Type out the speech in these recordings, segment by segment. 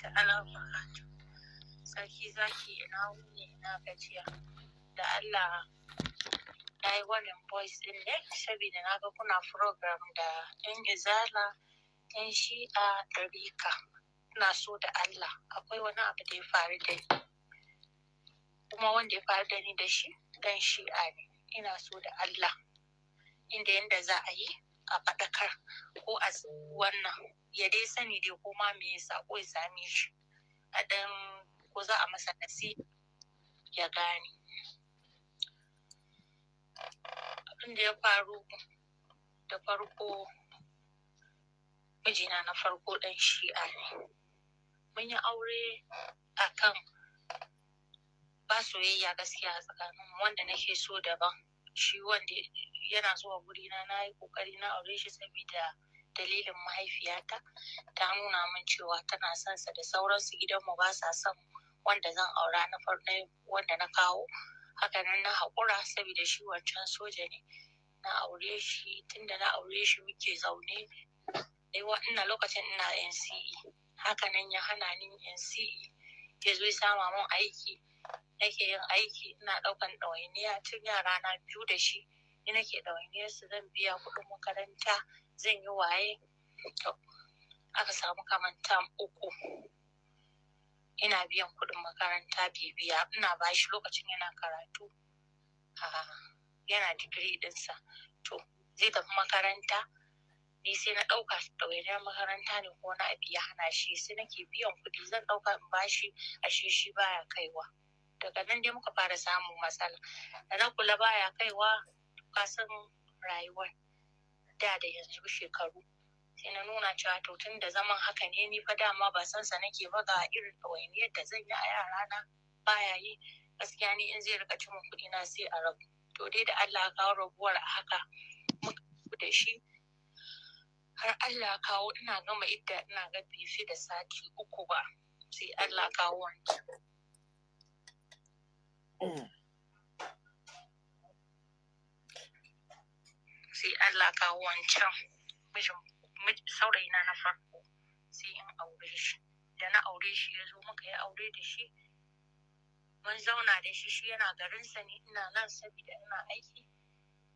ta'ala barakatu sarki zaki ina wuni ina gajiya da Allah na yi wannan voice din ne saboda na ga kuna program da yan izala yan shi'a da rika na so da Allah akwai wani abu da ya faru da ni kuma wanda ya faru da ni da shi dan shi'a ne ina so da Allah inda yanda za a yi a faɗakar ko a wannan ya dai sani dai ko ma me sako ya same shi a dan ko za a masa nasi ya gane abin da ya faru da farko mijina na farko ɗan shi'a ne mun yi aure a kan ba soyayya gaskiya a tsakanin wanda nake so daban shi wanda yana zuwa gurina na yi ƙoƙari na aure shi saboda dalilin mahaifiyata ta nuna min cewa tana son sa da sauransu gidanmu ba sa son wanda zan aura na farko wanda na kawo hakanan na haƙura saboda shi wancan soja ne na aure shi tunda na aure shi muke zaune ina lokacin ina NCE hakanan ya hana ni NCE ya zo sama mun aiki nake yin aiki ina ɗaukan ɗawainiya tun yara na biyu da shi ni nake ɗawainiyar su zan biya kuɗin makaranta zan yi waye aka samu kaman tam uku ina biyan kuɗin makaranta bibiya ina bashi lokacin yana karatu a yana digiri dinsa to zai tafi makaranta ni sai na ɗauka ɗawainiyar makaranta ne ko na biya hana shi sai nake biyan kuɗi zan ɗauka in bashi ashe shi baya kaiwa daga nan dai muka fara samun matsala da na kula baya kaiwa ka san rayuwar da da yanzu shekaru sai na nuna cewa to tun da zaman haka ne ni fa dama ba san sa nake ba ga irin ɗawainiyar yadda zan yi a yara na baya yi gaskiya ni in zai rika cin kuɗi na sai a rabu to dai da Allah kawo rabuwar a haka muka da shi har Allah kawo ina gama idda ina ga bifi da sati uku ba sai Allah kawo wancan. Mm. kafa wancan mijin saurayina na farko sai in aure shi da na aure shi ya zo muka yi aure da shi mun zauna da shi shi yana garinsa ne ina nan saboda ina aiki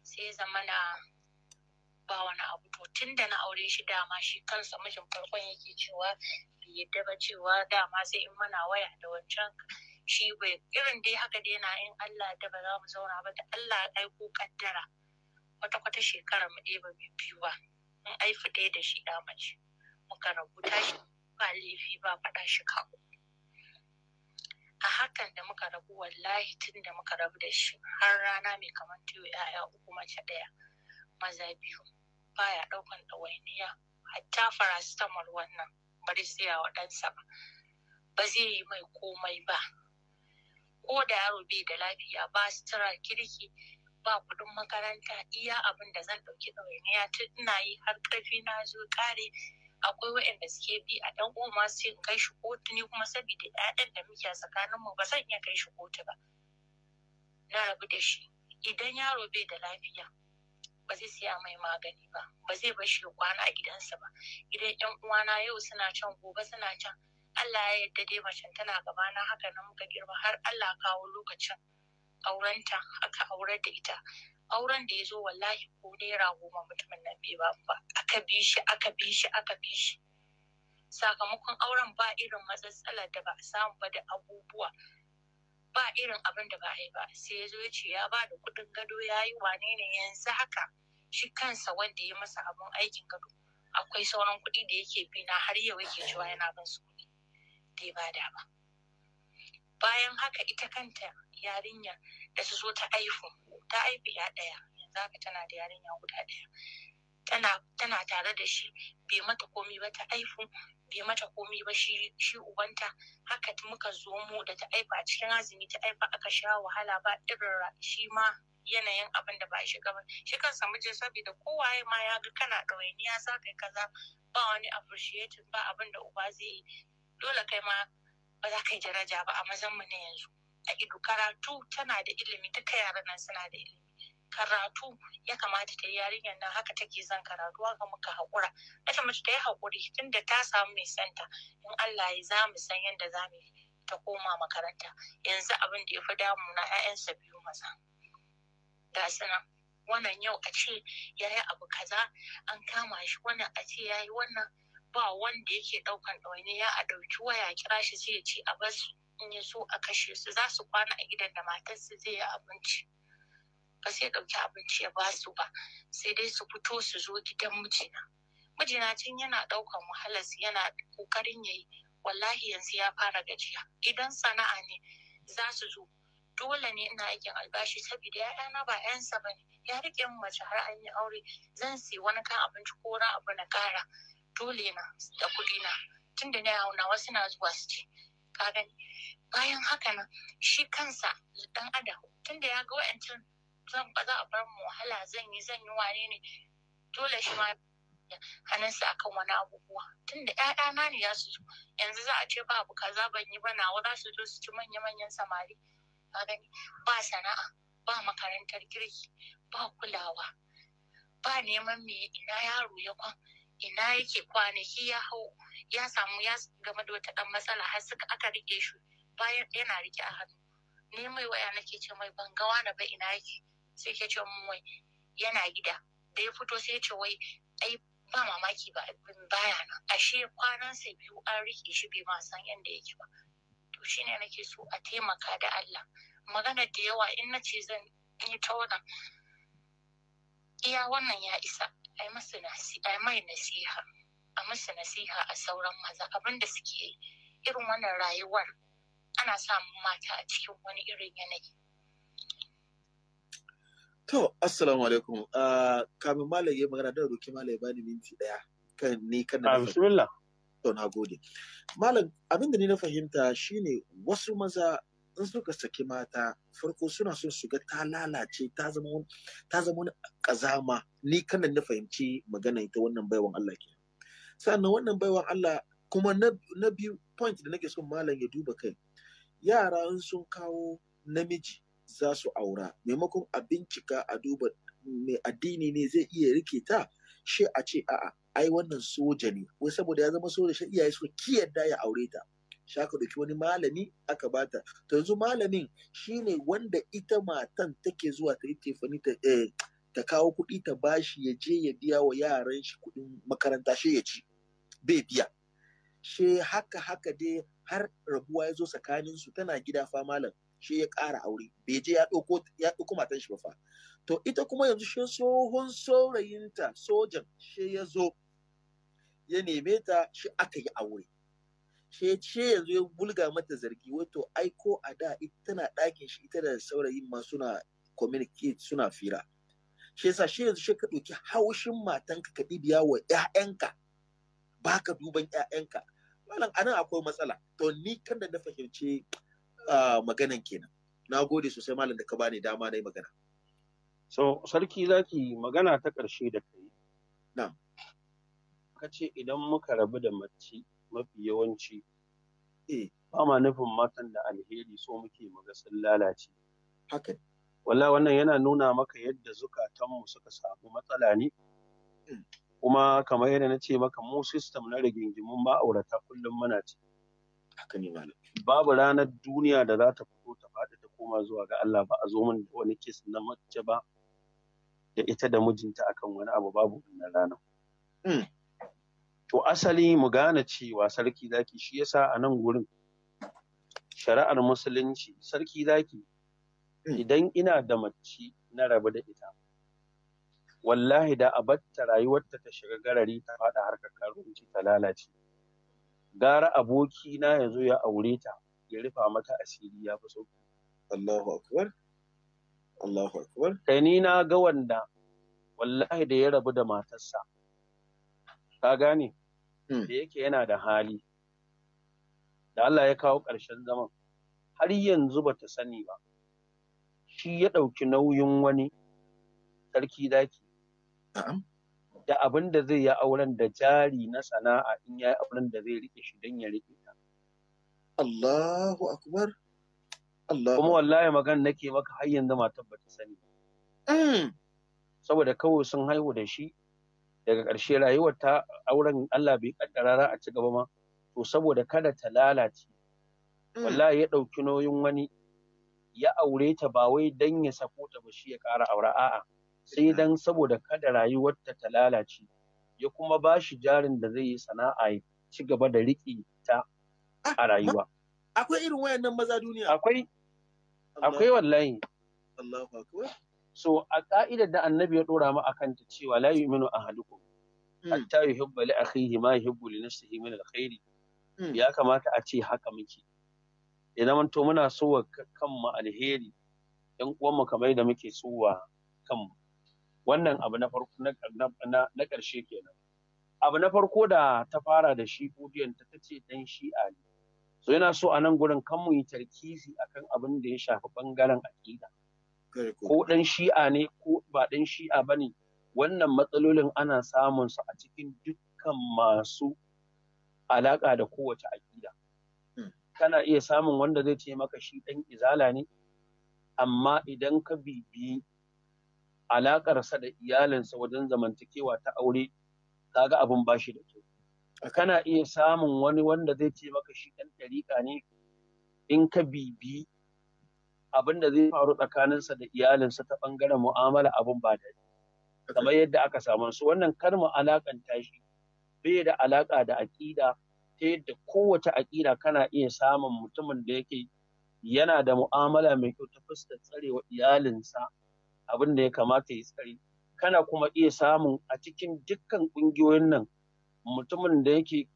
sai zama na ba wani abu to tun da na aure shi dama shi kansa mijin farkon yake cewa bai yadda ba cewa dama sai in mana waya da wancan shi bai irin dai haka dai na in Allah da ba za mu zauna ba da Allah ya aiko kaddara kwata-kwata shekara mu ɗeba mai biyu ba mun aifi ɗaya da shi ɗa mace muka rabu shi ba laifi ba faɗa shi kawo a hakan da muka rabu wallahi tun da muka rabu da shi har rana mai kamar tiyo ya'ya uku mace ɗaya maza biyu baya ɗaukan ɗawainiya hatta farasitamol wannan bari tsaya wa ɗansa ba ba zai yi mai komai ba ko da yaro bai da lafiya ba sutura kirki ba kuɗin makaranta iya abin da zan ɗauki ɗawainiya tun ina yi har ƙarfi na zo ƙare akwai waɗanda suke bi a ɗan uwa masu yin kai shi kotu ni kuma saboda ɗaɗan da muke a tsakanin mu ba zan iya kai shi kotu ba na rabu da shi idan yaro bai da lafiya ba zai siya mai magani ba ba zai bar shi kwana a gidansa ba idan ƴan uwana yau suna can gobe suna can Allah ya yarda dai macen tana gabana haka nan muka girma har Allah kawo lokacin aurenta aka aurar da ita auren da ya zo wallahi ko naira goma mutumin nan bai ba ba aka bi shi aka bi shi aka bi shi sakamakon auren ba irin matsatsalar da ba a samu ba da abubuwa ba irin abin da ba a yi ba sai ya zo ya ce ya ba da kuɗin gado ya yi wane ne yanzu haka shi kansa wanda ya masa abin aikin gado akwai sauran kuɗi da yake bi na har yau yake cewa yana ban su kuɗi bai ba da ba bayan haka ita kanta yarinya da su zo ta aihu ta aihu ya ɗaya yanzu haka tana da yarinya guda ɗaya tana tare da shi bai mata komi ba ta aihu bai mata komi ba shi ubanta haka muka zo mu da ta aifa a cikin azumi ta aifa aka sha wahala ba irin shi ma yanayin abin da ba shi gaba shi kansa mijin saboda kowaye ma ya ga kana ɗawainiya za ka yi kaza ba wani appreciating ba abin da uba zai yi dole kai ma ba za ka yi daraja ba a mazan mu na yanzu a ido karatu tana da ilimi duka yaran nan suna da ilimi karatu ya kamata ta yi yarinyar nan haka take zan karatu haka muka haƙura ita mace ta yi haƙuri tun da ta samu mai santa in Allah ya za mu san yadda za mu ta koma makaranta yanzu abin da ya fi damu na 'ya'yansa biyu maza ga suna wannan yau a ce ya yi abu kaza an kama shi wannan a ce ya yi wannan ba wanda yake ɗaukan ɗawainiya a ɗauki waya kira shi sai ya ce a basu in ya so a kashe su za su kwana a gidan da matarsu zai yi abinci ba sai ɗauki abinci ya ba su ba sai dai su fito su zo gidan mijina mijina cin yana ɗaukan wahalar yana ƙoƙarin ya yi wallahi yanzu ya fara gajiya idan sana'a ne za su zo dole ne ina aikin albashi saboda ya'yana ba 'yansa ba ne ya riƙe mu mace har an yi aure zan siyi wani kan abinci ko wani abu na ƙara dole na da kuɗi na tunda na na wasu na zuwa su ce ka gani bayan haka nan shi kansa dan adam tunda ya ga wa'ancan zan ba za a bar mu wahala zan yi zan yi wane ne dole shi ma hannunsa akan wani abubuwa tunda 'ya'yana ne ya su zo yanzu za a ce babu kaza ban yi ba nawa za su zo su ci manya-manyan samari ka gani ba sana'a ba makarantar girki ba kulawa ba neman me ina yaro ya kwan ina yake kwanaki ya hau ya samu ya game da wata ɗan matsala har suka aka rike shi bayan yana rike a hannu ni mai waya nake ce mai ban ga wani ba ina yake sai ke ce mun wai yana gida da ya fito sai ce wai ai ba mamaki ba baya nan ashe kwanansa biyu an rike shi bai ma san yanda yake ba to shine nake so a taimaka da Allah magana da yawa in na ce zan yi ta wannan iya wannan ya isa a yi mai nasiha a musu nasiha a sauran maza abin da suke irin wannan rayuwar ana samun mata a cikin wani irin yanayi to assalamu alaikum ah, kamin malam ya magana don roki malam ya bani minti daya kan ni kan na ah, bismillah to na gode malam abin da ni na fahimta shine wasu maza in suka saki mata farko suna son su ga ta lalace ta zama wani kazama ni kanan na fahimci magana ita wannan baiwan Allah ke sannan wannan baiwan Allah kuma na biyu point da nake son malam ya duba kai yara in sun kawo namiji za su aura maimakon a bincika a duba mai addini ne zai iya rike ta shi a ce a'a ai wannan soja ne wai saboda ya zama soja shi iyaye su ki da ya aure ta shaka aka wani malami aka bata to yanzu malamin shine wanda ita matan take zuwa ta yi tefani ta eh, ta kawo kuɗi ta bashi ya je ya biya wa yaran shi kuɗin makaranta shi ya ci bai biya she haka haka dai har rabuwa ya zo tsakanin su tana gida fa malam shi ya ƙara aure bai je ya ɗauko ya ɗauko matan shi ba fa to ita kuma yanzu shi tsohon saurayinta sojan shi ya zo ya neme ta shi aka yi aure she ce yanzu ya bulga mata zargi wato aiko a da tana ɗakin shi ita da saurayin masu na communicate suna fira shi yasa shi yanzu shi ka ɗauki haushin matanka ka ɗibiya wa ƴaƴanka baka duban ƴaƴanka malam anan akwai matsala to ni kan da na fahimci maganan kenan na gode sosai malam da ka bani dama na yi magana so sarki zaki magana ta ƙarshe da kai na ka ce idan muka rabu da mace mafi yawanci eh ba ma nufin matan da alheri so muke muga sun lalace haka wallahi wannan yana nuna maka yadda zukatanmu suka samu matsala ne hmm. kuma kamar yadda na ce maka mu system na rigingimun ma'aurata kullum muna ci haka ne babu ranar duniya da za ta fito ta faɗi ta koma zuwa ga Allah ba a zo min da wani kes na mace ba da ita da mijinta akan wani abu babu wannan ranar hmm. to asali mu gane cewa sarki zaki shi yasa a nan gurin shari'ar musulunci sarki zaki idan ina da mace na rabu da ita wallahi da abatta rayuwarta ta shiga garari ta faɗa harkar karuwanci ta lalace gara aboki na ya ya aure ta ya rufa mata asiri ya fi sauki Allahu akbar Allahu akbar kai ni na ga wanda wallahi da ya rabu da matarsa ka gane hmm. da yake yana da hali da Allah ya kawo ƙarshen zaman har yanzu ba ta sani ba shi ya ɗauki nauyin wani sarki daki da abin da zai yi auren da jari na sana'a in ya yi auren da zai riƙe shi don ya riƙe ta. Allahu akbar. Allah. Kuma wallahi magan nake maka har yanzu matar ba sani. Hmm. Saboda kawai sun haihu da shi daga ƙarshe rayuwar ta auren Allah bai kaddara ra a ci gaba ma to saboda kada ta lalace mm. wallahi ya ɗauki noyin wani ya aure ta ba wai dan ya sako ta ba shi ya ƙara aure a'a sai mm. dan saboda kada rayuwar ta ta lalace ya kuma ba shi jarin da zai yi sana'a ya ci gaba da riƙe ta ah, a rayuwa akwai irin wayannan maza duniya akwai akwai wallahi Allahu akbar so a ƙa'idar da annabi ya dora mu akan ta cewa la yu'minu ahadukum hmm. hatta yuhibba li akhihi ma yuhibbu li nafsihi min alkhairi hmm. ya kamata a ce haka muke idan mun muna so wa kanmu alheri ɗan uwanmu kamar da muke so wa kanmu wannan abu na farko na ƙarshe kenan abu na farko da ta fara da shi kudiyan ta tace dan shi'a ne so yana so a nan gurin kan mu yi tarkisi akan abin da ya shafi ɓangaren aƙida ko ɗan shi'a ne ko ba ɗan shi'a ba ne wannan matsalolin ana samun su a cikin dukkan masu alaƙa da kowace aƙida hmm. kana iya samun wanda zai ce maka shi ɗan izala ne amma idan ka bibi alaƙarsa da iyalinsa wajen zamantakewa ta aure kaga abin bashi da kyau kana iya samun wani wanda zai ce maka shi ɗan ɗariƙa ne in ka bibi abin da zai faru tsakaninsa da iyalinsa ta bangaren mu'amala abin ba da kamar yadda aka samu su wannan kalmar alakanta shi bai da alaka da aqida ta yadda kowace aƙida kana iya samun mutumin da yake yana da mu'amala mai kyau ta fuskar tsarewa iyalinsa abin da ya kamata ya tsare kana kuma iya samun a cikin dukkan ƙungiyoyin nan mutumin da yake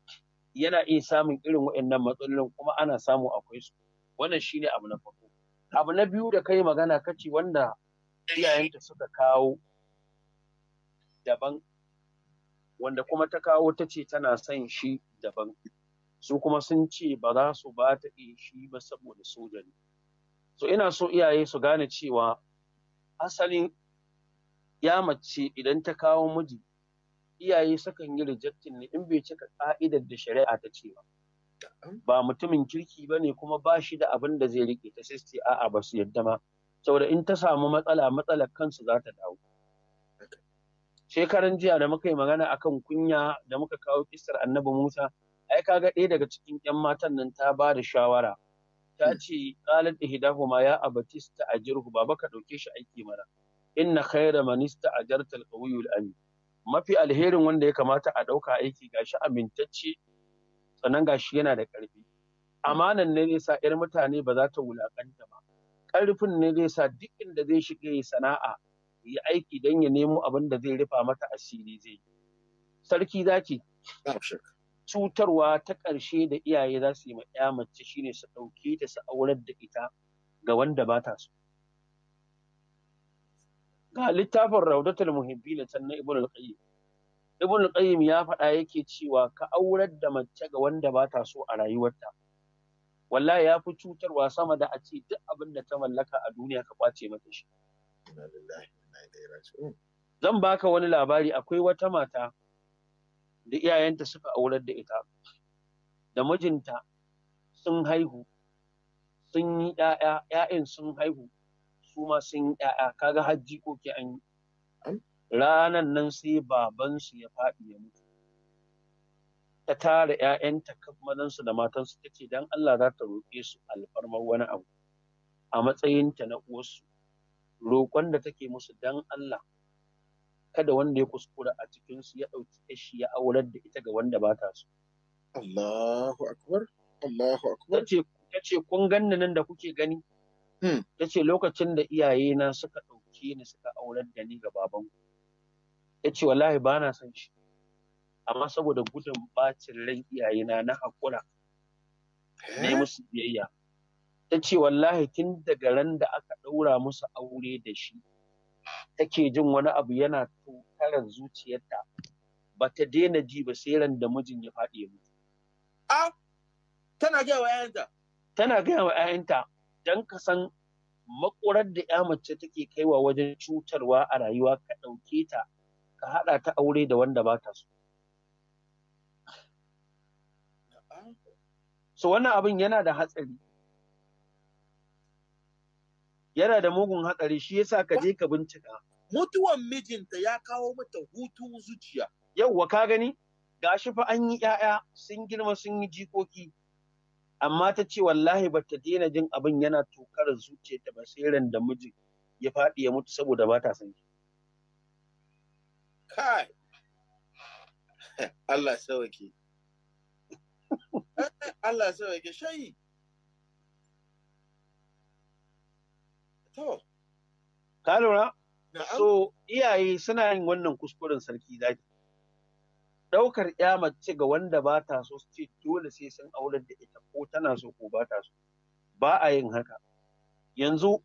yana iya samun irin waɗannan matsalolin kuma ana samu akwai su wannan shine abu na farko abu na biyu da kai magana kace wanda iyayenta suka kawo daban wanda kuma ta kawo ta ce tana son shi daban su kuma sun ce ba za su ba ta shi ba saboda soja ne so ina so iyaye su gane cewa asalin ya mace idan ta kawo miji iyaye sukan yi rejectin ne in bai cika ka'idar da shari'a ta ce ba ba mutumin kirki ba ne kuma ba shi da abin da zai rike ta sai a ba su yadda ma saboda in ta samu matsala matsalar kansu za ta dawo shekaran jiya da muka yi magana akan kunya da muka kawo kistar annabi musa ai kaga ɗaya daga cikin yan matan nan ta ba da shawara ta hmm. ce qalat ma ya a jirgu, baba ka dauke shi aiki mana inna khayra man a al-qawiyyu al-amin mafi alherin wanda ya kamata a ɗauka aiki ga shi amintacce sannan shi yana da ƙarfi amanan ne zai sa 'yar mutane ba za ta wulaƙanta ba ƙarfin ne zai sa duk inda zai shiga sana'a ya aiki don ya nemo abin da zai rufa mata asiri zai yi sarki zaki cutarwa ta ƙarshe da iyaye za su yi ma 'ya mace shine su ɗauke ta su aurar da ita ga wanda ba ta so ga littafin raudatul muhibbi na can na qayyim ibn qayyim ya faɗa yake cewa ka aurar da mace ga wanda ba ta so a rayuwarta wallahi ya fi cutarwa sama da a ce duk abin da ta mallaka a duniya ka kwace mata shi zan baka wani labari akwai wata mata da iyayenta suka aurar da ita da mijinta sun haihu sun yi ‘ya'ya ‘ya'yan sun haihu su ma sun yi ‘ya'ya kaga hajji ko ke an yi ranan nan sai babansu ya faɗi ya mutu ta tara ‘ya'yanta mazansu da matansu ta ce don Allah za ta roƙe su alfarmar wani abu a matsayinta na uwarsu roƙon da take musu don Allah kada wanda ya kuskura a cikinsu ya ɗauki kashi ya aurar da ita ga wanda ba ta so. Allahu akbar Allahu akbar ta ce kun ganni nan da kuke gani hmm. ta ce lokacin da iyayena suka ɗauke ni suka aurar da ni ga babanku ya ce wallahi ba na son shi amma saboda gudun bacin ran iyayena na haƙura ne eh? musu biyayya ta ce wallahi tun daga ran da aka ɗaura musu aure da shi take jin wani abu yana tokarar zuciyarta ba ta daina ji ba sai ran da mijin ya faɗi mutu. A tana gaya wa ‘ya'yanta? Tana gaya wa ‘ya'yanta don ka san makurar da ‘ya mace take kaiwa wajen cutarwa a rayuwa ka ɗauke ta ka haɗa ta aure da wanda ba ta so so wannan abin yana da hatsari yana da mugun hatsari shi yasa ka je ka bincika mutuwan mijinta ya kawo mata hutun zuciya yauwa ka gani gashi fa an yi ƴaƴa sun girma sun yi jikoki amma ta ce wallahi ba ta daina jin abin yana tokar zuciyarta ba sai da mijin ya faɗi ya mutu saboda ba ta san shi kai Allah sauke Allah sauke shayi to ka lura so iyaye suna yin wannan kuskuren sarki zaki ɗaukar ya mace ga wanda ba ta so su ce dole sai sun aurar da ita ko tana so ko ba ta so ba a yin haka yanzu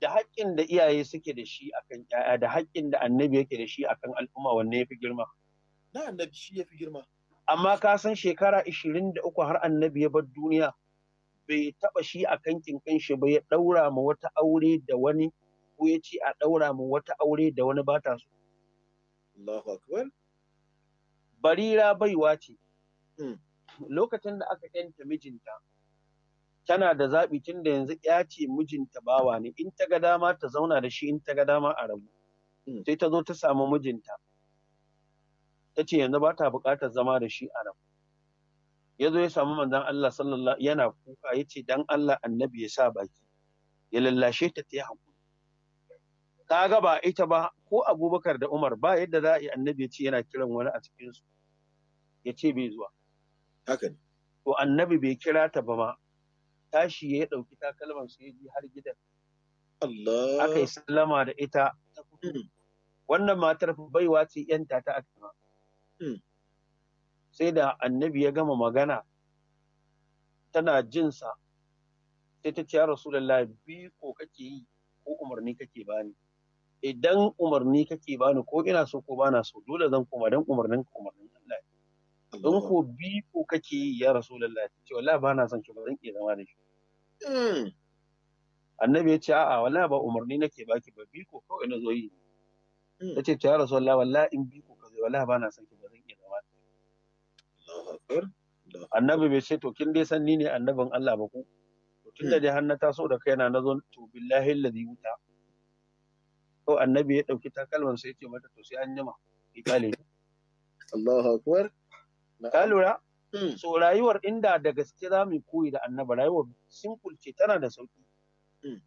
da haƙƙin da iyaye suke da shi akan ƴaƴa da haƙƙin da annabi yake da shi akan al'umma wanne yafi girma na annabi shi yafi girma amma ka san shekara 23 har annabi ya bar duniya bai taba shi akan kinkan shi ba ya daura ma wata aure da wani ko ya ce a daura ma wata aure da wani bata so Allahu akbar barira baiwa ce hmm. lokacin da aka yanta mijinta tana da zaɓi tun da yanzu ya ce mijinta bawa ne in ta ga dama ta zauna da shi in ta ga dama a rabu hmm. sai ta zo ta samu mijinta ta ce yanzu ba ta buƙatar zama da shi a rabu ya zo ya samu manzan Allah sallallahu yana kuka ya ce dan Allah annabi ya sa baki ya lallashe ta ta yi hakuri ka ga ba ita ba ko Abubakar da Umar ba yadda za a yi annabi ya ce yana kiran wani a cikinsu, ya ce bai zuwa haka ne to annabi bai kira ta ba ma tashi ya ɗauki takalman su ya ji har gidan Allah aka yi sallama da ita hmm. wannan matar baiwa ce yanta ta akama hmm. sai da annabi ya gama magana tana jinsa sai ta ce ya rasulullah bi ko kake yi ko umarni kake bani idan umarni kake bani ko ina so ko bana so dole zan koma dan umarnin ka umarnin Allah in ko bi ko kake yi ya rasulullah ta ce wallahi bana son shi ba zan iya zama da shi Hmm. annabi ya ce a'a wala ba umarni nake baki ba biko kawai na zoyi yi hmm. ta ce ta rasu wala wala in biko ka zai wala ba na son ki ba zan iya zama annabi bai ce to kin dai san ni ne annabin Allah ba ku to tun da hmm. dai har na taso da kaina na zo to billahi allazi wuta to annabi ya dauki takalman sai ya ce mata to sai an jima ki kale Allahu akbar ka lura Mm. so rayuwar inda da gaske za mu koyi da annaba rayuwar simple ce tana da sauki mm.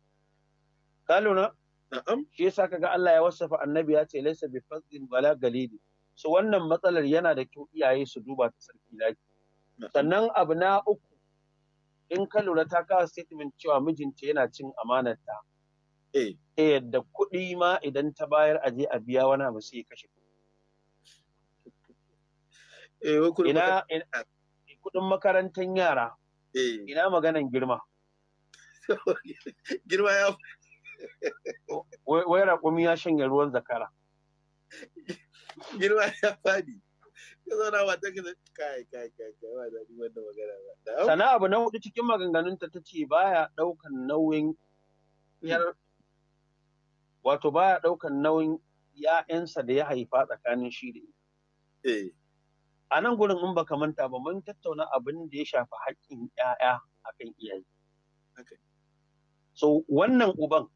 ka na'am shi yasa kaga Allah ya wasafa annabi ya ce laysa bi fadlin bala galidi so wannan matsalar yana da kyau iyaye su duba ta sarki laki sannan abu na uku in ka lura ta kawo statement cewa mijinta yana cin amanarta eh yadda kuɗi ma idan ta bayar a je a biya wani abu sai kashe eh, ina ah. kudin makarantar yara eh. ina maganan girma girma ya wai raƙumi ya shanya ruwan zakara girma ya fadi sana abu na hudu cikin maganganunta ta ce baya ɗaukan nauyin yar wato baya ɗaukan nauyin ‘ya'yansa da ya haifa tsakanin shi da ita. Eh. a nan gurin in baka manta ba mun tattauna abin da ya shafi haƙƙin ‘ya'ya akan iyaye. So wannan uban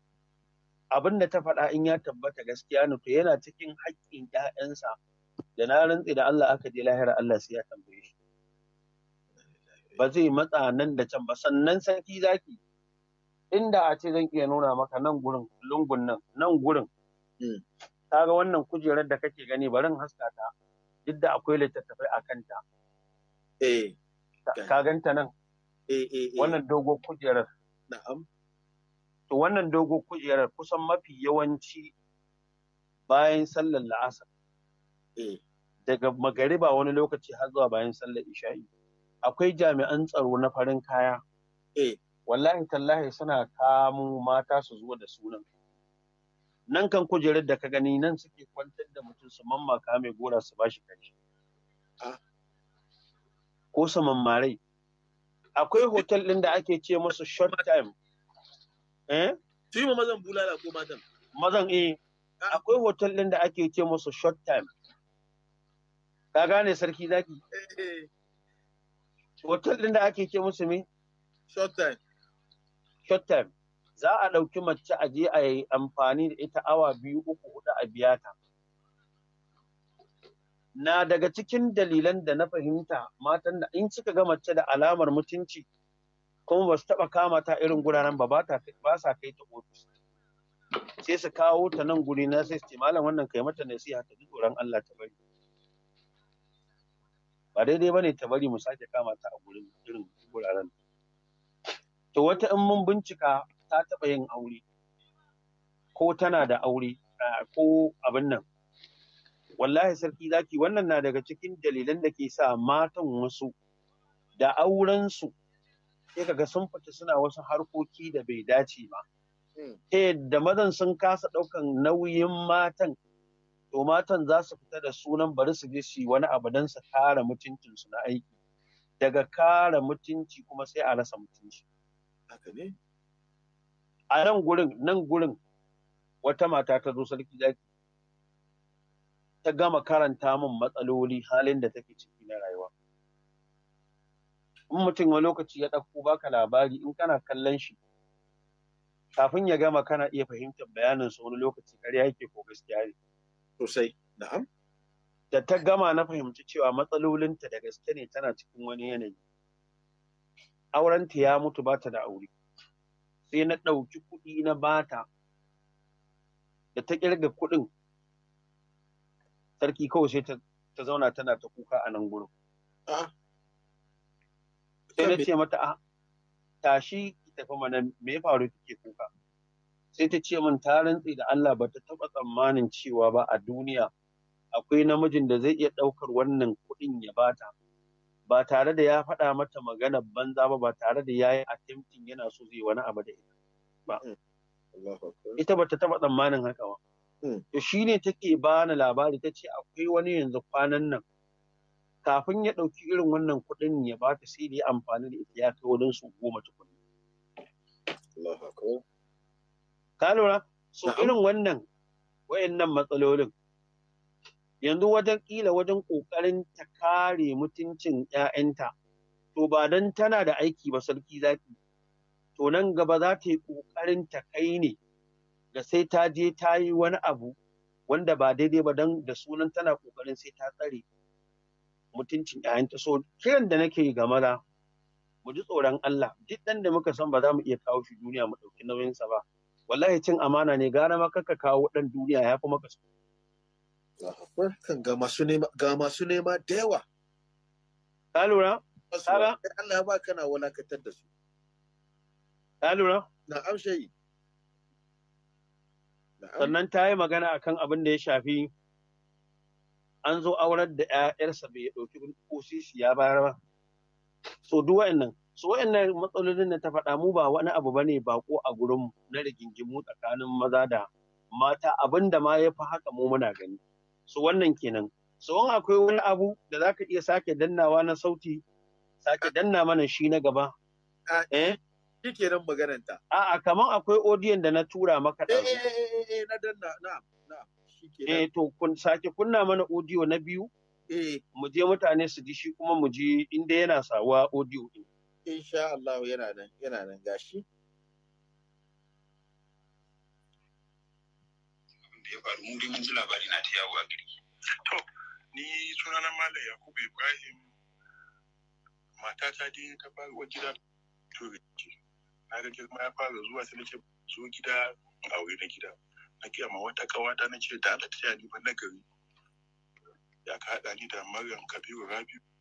abin da ta faɗa in ya tabbata gaskiya ne to yana cikin haƙƙin ‘ya'yansa da na rantsi da Allah aka je lahira Allah sai ya tambaye shi. Ba zai matsa nan da can ba sannan sarki zaki inda a ce zan iya nuna maka nan gurin lungun nan nan gurin. Hmm. ga wannan kujerar da kake gani barin haska ta duk da akwai littattafai a kanta. Eh. Ka ganta nan? Eh, eh, eh. Wannan dogo kujerar. Na'am. To wannan dogo kujerar kusan mafi yawanci bayan sallar la'asar. Eh. Daga magariba wani lokaci har zuwa bayan sallar isha'i. Akwai jami'an tsaro na farin kaya. Eh. Wallahi tallahi suna kamo mata su zuwa da sunan. nan kan kujerar da ka gani nan suke kwantar da mutum su mammaka mai gora su bashi kanshi ko su mammarai akwai hotel ɗin da ake ce musu short time eh su yi mazan bulala ko matan mazan eh ah. akwai hotel ɗin da ake ce musu short time ka gane sarki zaki eh. hotel ɗin da ake ce musu me short time short time za a ɗauki mace a je a yi amfani da ita awa biyu uku hudu a biya ta na daga cikin dalilan da na fahimta matan da in suka ga mace da alamar mutunci kuma ba su taɓa kama ta irin guraren ba ba sa kai ta ofis sai su kawo ta nan guri na sai su malam wannan kai mata nasiha ta ji tsoron Allah ta bari ba daidai ba ne ta bari mu sake kama ta a gurin irin guraren to wata in mun bincika ta taɓa yin aure ko tana da aure ko abin nan wallahi sarki zaki wannan na daga cikin dalilan da ke sa matan wasu da aurensu sai kaga sun fita suna wasu harkoki da bai dace ba hmm. ta yadda mazan sun kasa ɗaukan nauyin matan to matan za su fita da sunan bari su je su wani abu don su kare mutuncinsu na aiki daga kare mutunci kuma sai a rasa mutunci a nan gurin nan gurin wata mata ta zo sarki zaki ta gama karanta min matsaloli halin da take ciki na rayuwa in mutum wani lokaci ya ɗauko baka labari in kana kallon shi kafin ya gama kana iya fahimtar bayanin sa wani lokaci ƙarya yake ko gaskiya ne sosai na'am da ta gama na fahimci cewa matsalolinta da gaske ne tana cikin wani yanayi aurenta ya mutu ba ta da aure sai na ɗauki kuɗi na bata da ta ƙirga kuɗin sarki kawai sai ta zauna tana ta kuka a nan gurin. Ah. Sai na ce mata a ah, tashi ki tafi mana me ya faru kike kuka. Sai ta ce min ta rantse da Allah ba ta taɓa tsammanin cewa ba a duniya akwai namijin da zai iya ɗaukar wannan kuɗin ya bata ba tare da ya faɗa mata magana banza ba ba tare da ya yi attempting yana so zai wani abu da ita ba mm. ita ba ta taɓa tsammanin haka ba mm. to shi ne take bani labari ta ce akwai wani yanzu kwanan nan kafin ya ɗauki irin wannan kuɗin ya ba ta sai da ya amfani da ita ya kai wurin su goma tukuni. Ka lura? So irin wannan wayannan matsalolin yanzu wajen ƙila wajen ƙoƙarin ta kare mutuncin 'ya'yanta to ba don tana da aiki ba sarki zaki to nan gaba za ta yi ƙoƙarin ta kai ne da sai ta je ta yi wani abu wanda ba daidai ba don da sunan tana ƙoƙarin sai ta tsare mutuncin 'ya'yanta so kiran da nake ga maza mu ji tsoron Allah duk ɗan da muka san ba za mu iya kawo shi duniya mu ɗauki nauyinsa ba wallahi cin amana ne gara ma kaka kawo ɗan duniya ya fi maka so ga masu nema da yawa Ta lura Allah ba kana walakatar da su lura na yi. sannan ta yi magana a kan abin da ya shafi an zo aurar da ‘ya'yarsa bai ɗauki shi ya bayar ba. So duwa wa'annan, so wa'annan matsalolin da ta faɗa mu ba wani abu ba bane bako a gurin na rigingimu tsakanin maza da mata abin da ma ya fi haka mu muna gani. su wannan kenan Su wani akwai wani abu da za ka iya sake dannawa na sauti sake danna mana shi na gaba ah, eh shi kenan magananta a'a kaman akwai odiyon da na tura maka eh eh, eh eh eh na danna na'am na'am eh to kun sake kunna mana odiyo na biyu eh mu je mutane su ji shi kuma mu je inda yana sawa odiyo din insha Allah yana nan yana nan gashi ya faru mu mun ji labari na ta yawo a gari to ni sunana malam yakubu ibrahim mata ta je ta fara wa gida to na ga girma ya fara zuwa sai nake zo gida a wuri na gida na kiya ma wata kawata na ce da Allah ta ni ban gari ya ka haɗa ni da Maryam Kabiru Rabiu